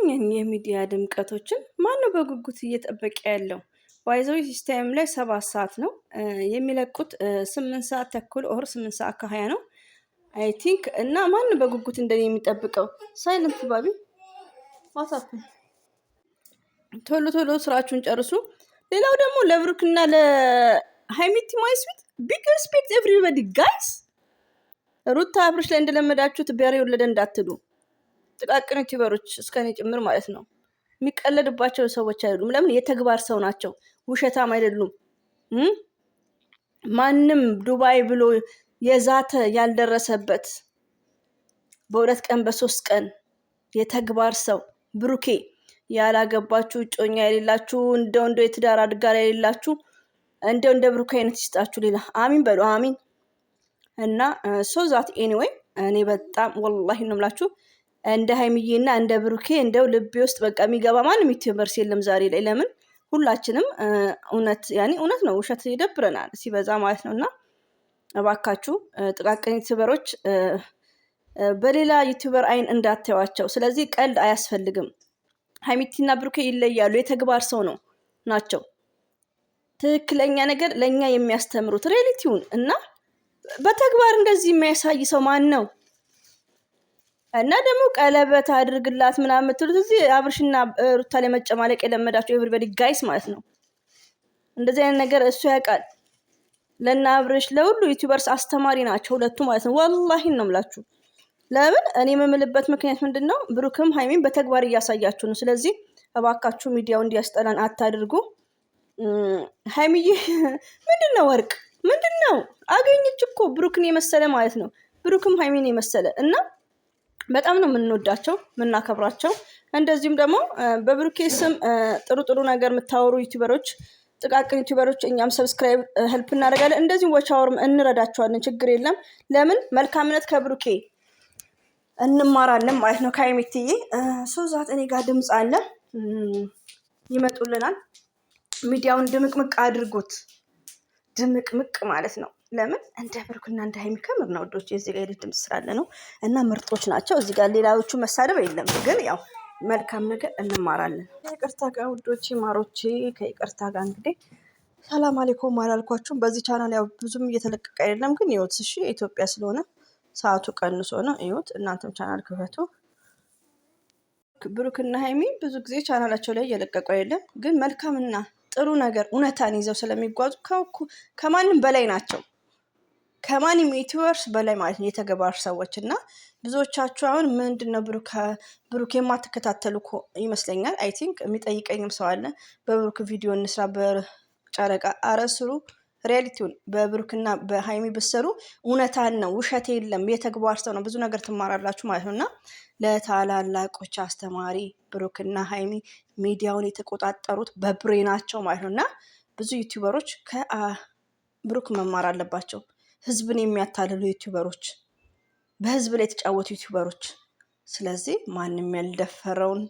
እኛን የሚዲያ ድምቀቶችን ማነው በጉጉት እየጠበቀ ያለው? ባይዘዊ ሲስተም ላይ ሰባት ሰዓት ነው የሚለቁት። ስምንት ሰዓት ተኩል ኦር ስምንት ሰዓት ከሀያ ነው አይ ቲንክ እና ማን በጉጉት እንደኔ የሚጠብቀው? ሳይለንት ባቢ ዋትሳፕ ቶሎ ቶሎ ስራችሁን ጨርሱ። ሌላው ደግሞ ለብሩክ ለብሩክና ለሃይሚቲ ማይስዊት ቢግ ሪስፔክት ኤቭሪበዲ ጋይስ። ሩታ አብርሽ ላይ እንደለመዳችሁት በሬ ወለደ እንዳትሉ። ጥቃቅን ዩቲዩበሮች እስከኔ ጭምር ማለት ነው የሚቀለድባቸው ሰዎች አይደሉም። ለምን የተግባር ሰው ናቸው፣ ውሸታም አይደሉም። ማንም ዱባይ ብሎ የዛተ ያልደረሰበት በሁለት ቀን በሶስት ቀን የተግባር ሰው ብሩኬ ያላገባችሁ እጮኛ የሌላችሁ እንደው እንደው የትዳር አድጋር የሌላችሁ እንደው እንደ ብሩኬ አይነት ይስጣችሁ። ሌላ አሚን በሉ አሚን። እና ሶ ዛት ኤኒዌይ እኔ በጣም ወላሂ ነው የምላችሁ እንደ ሀይምዬ እና እንደ ብሩኬ እንደው ልቤ ውስጥ በቃ የሚገባ ማንም ዩቲዩበርስ የለም ዛሬ ላይ። ለምን ሁላችንም እውነት ያኔ እውነት ነው ውሸት ይደብረናል ሲበዛ ማለት ነው። እና እባካችሁ ጥቃቅን ዩቲዩበሮች በሌላ ዩቲዩበር አይን እንዳታዩዋቸው። ስለዚህ ቀልድ አያስፈልግም። ሀይሚቲና ብሩኬ ይለያሉ። የተግባር ሰው ነው ናቸው ትክክለኛ ነገር ለእኛ የሚያስተምሩት ሪያሊቲውን እና በተግባር እንደዚህ የሚያሳይ ሰው ማን ነው? እና ደግሞ ቀለበት አድርግላት ምናምን የምትሉት እዚህ አብርሽና ሩታ ላይ መጨማለቅ የለመዳቸው ኤቭሪበዲ ጋይስ ማለት ነው። እንደዚህ አይነት ነገር እሱ ያውቃል። ለና አብርሽ ለሁሉ ዩቲዩበርስ አስተማሪ ናቸው ሁለቱ ማለት ነው። ወላሂ ነው የምላችሁ። ለምን እኔ የምምልበት ምክንያት ምንድን ነው? ብሩክም ሀይሚን በተግባር እያሳያችሁ ነው። ስለዚህ እባካችሁ ሚዲያው እንዲያስጠላን አታድርጉ። ሀይሚዬ ምንድን ነው ወርቅ ምንድን ነው አገኘች እኮ ብሩክን የመሰለ ማለት ነው። ብሩክም ሀይሚን የመሰለ እና በጣም ነው የምንወዳቸው የምናከብራቸው። እንደዚሁም ደግሞ በብሩኬ ስም ጥሩ ጥሩ ነገር የምታወሩ ዩቲዩበሮች፣ ጥቃቅን ዩቲዩበሮች እኛም ሰብስክራይብ ህልፕ እናደርጋለን። እንደዚሁም ወቻወርም እንረዳቸዋለን። ችግር የለም። ለምን መልካምነት ከብሩኬ እንማራለን ማለት ነው። ከአይሜትዬ ሰው ዛት እኔ ጋር ድምፅ አለ ይመጡልናል። ሚዲያውን ድምቅምቅ አድርጉት። ድምቅምቅ ማለት ነው። ለምን እንደ ብሩክና እንደ ሀይሚ ከምር ነው ወዶች የዚህ ጋር ድምፅ ስላለ ነው። እና ምርጦች ናቸው። እዚህ ጋር ሌላዎቹ መሳደብ የለም ግን ያው መልካም ነገር እንማራለን። ከይቅርታ ጋር ውዶቼ ማሮቼ፣ ከይቅርታ ጋር እንግዲህ ሰላም አሌኩም አላልኳችሁም። በዚህ ቻናል ያው ብዙም እየተለቀቀ አይደለም ግን ይወት እሺ፣ የኢትዮጵያ ስለሆነ ሰዓቱ ቀንሶ ነው ይወት። እናንተም ቻናል ክፈቱ። ብሩክና ሀይሚ ብዙ ጊዜ ቻናላቸው ላይ እየለቀቁ አይደለም ግን መልካምና ጥሩ ነገር እውነታን ይዘው ስለሚጓዙ ከማንም በላይ ናቸው። ከማንም ዩቲዩበርስ በላይ ማለት ነው የተገባር ሰዎች እና ብዙዎቻችሁ አሁን ምንድን ነው ብሩክ የማትከታተሉ ይመስለኛል። አይ ቲንክ የሚጠይቀኝም ሰው አለ። በብሩክ ቪዲዮ እንስራ በጨረቃ አረስሩ ሪያሊቲውን በብሩክና በሀይሚ ብሰሩ እውነታን ነው ውሸት የለም። የተግባር ሰው ነው ብዙ ነገር ትማራላችሁ ማለት ነው እና ለታላላቆች አስተማሪ ብሩክና ሀይሚ ሚዲያውን የተቆጣጠሩት በብሬ ናቸው ማለት ነው እና ብዙ ዩቲዩበሮች ከብሩክ መማር አለባቸው። ህዝብን የሚያታልሉ ዩቲዩበሮች፣ በህዝብ ላይ የተጫወቱ ዩቲዩበሮች። ስለዚህ ማንም ያልደፈረውን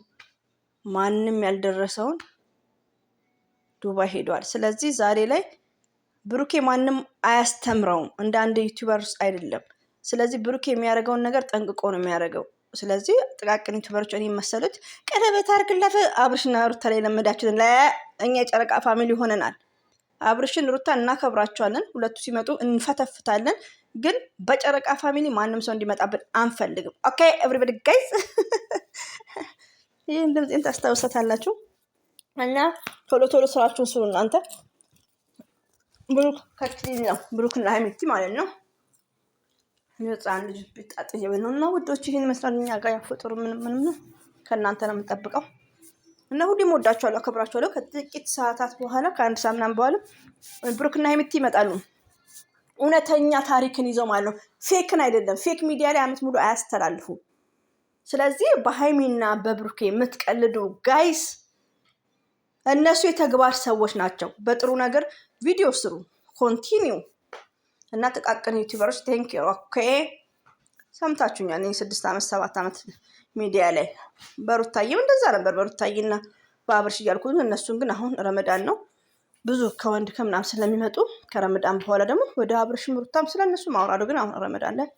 ማንም ያልደረሰውን ዱባይ ሄደዋል። ስለዚህ ዛሬ ላይ ብሩኬ ማንም አያስተምረውም፣ እንደ አንድ ዩቲዩበር ውስጥ አይደለም። ስለዚህ ብሩኬ የሚያደርገውን ነገር ጠንቅቆ ነው የሚያደርገው። ስለዚህ ጥቃቅን ዩቲዩበሮች እኔ መሰሉት ቀለበት አርግላፈ አብርሽና ሩታ ላይ ለመዳችሁትን እኛ የጨረቃ ፋሚሊ ሆነናል። አብርሽን ሩታ እናከብራቸዋለን። ሁለቱ ሲመጡ እንፈተፍታለን። ግን በጨረቃ ፋሚሊ ማንም ሰው እንዲመጣብን አንፈልግም። ኦኬ ኤቭሪበዲ ጋይዝ፣ ይህን ድምፄን ታስታውሰታላችሁ እና ቶሎ ቶሎ ስራችሁን ስሩ እናንተ። ብሩክ ከክሊል ነው ብሩክ ብሩክና ሀይሚቲ ማለት ነው። ህፃን ልጅ ቢጣጥ ነው እና ውዶች፣ ይህን ይመስላል እኛ ጋር ያፈጥሩ ምንም ምንም ከእናንተ ነው የምንጠብቀው። እና ሁሌም ወዳቸዋለሁ፣ አከብራቸዋለሁ። ከጥቂት ሰዓታት በኋላ ከአንድ ሰዓት ምናምን በኋላ ብሩክና ሄምቲ ይመጣሉ። እውነተኛ ታሪክን ይዘው ማለት ነው፣ ፌክን አይደለም። ፌክ ሚዲያ ላይ አመት ሙሉ አያስተላልፉም። ስለዚህ በሀይሚና በብሩክ የምትቀልዱ ጋይስ እነሱ የተግባር ሰዎች ናቸው። በጥሩ ነገር ቪዲዮ ስሩ፣ ኮንቲኒው እና ጥቃቅን ዩቲዩበሮች ቴንክ ኦኬ ሰምታችሁኛል። እኔ ስድስት ዓመት ሰባት ዓመት ሚዲያ ላይ በሩታዬም እንደዛ ነበር። በሩታዬና በአብርሽ እያልኩ እነሱን ግን አሁን ረመዳን ነው ብዙ ከወንድ ከምናም ስለሚመጡ ከረመዳን በኋላ ደግሞ ወደ አብርሽም ሩታም ስለእነሱ ማውራዱ ግን አሁን ረመዳን ላይ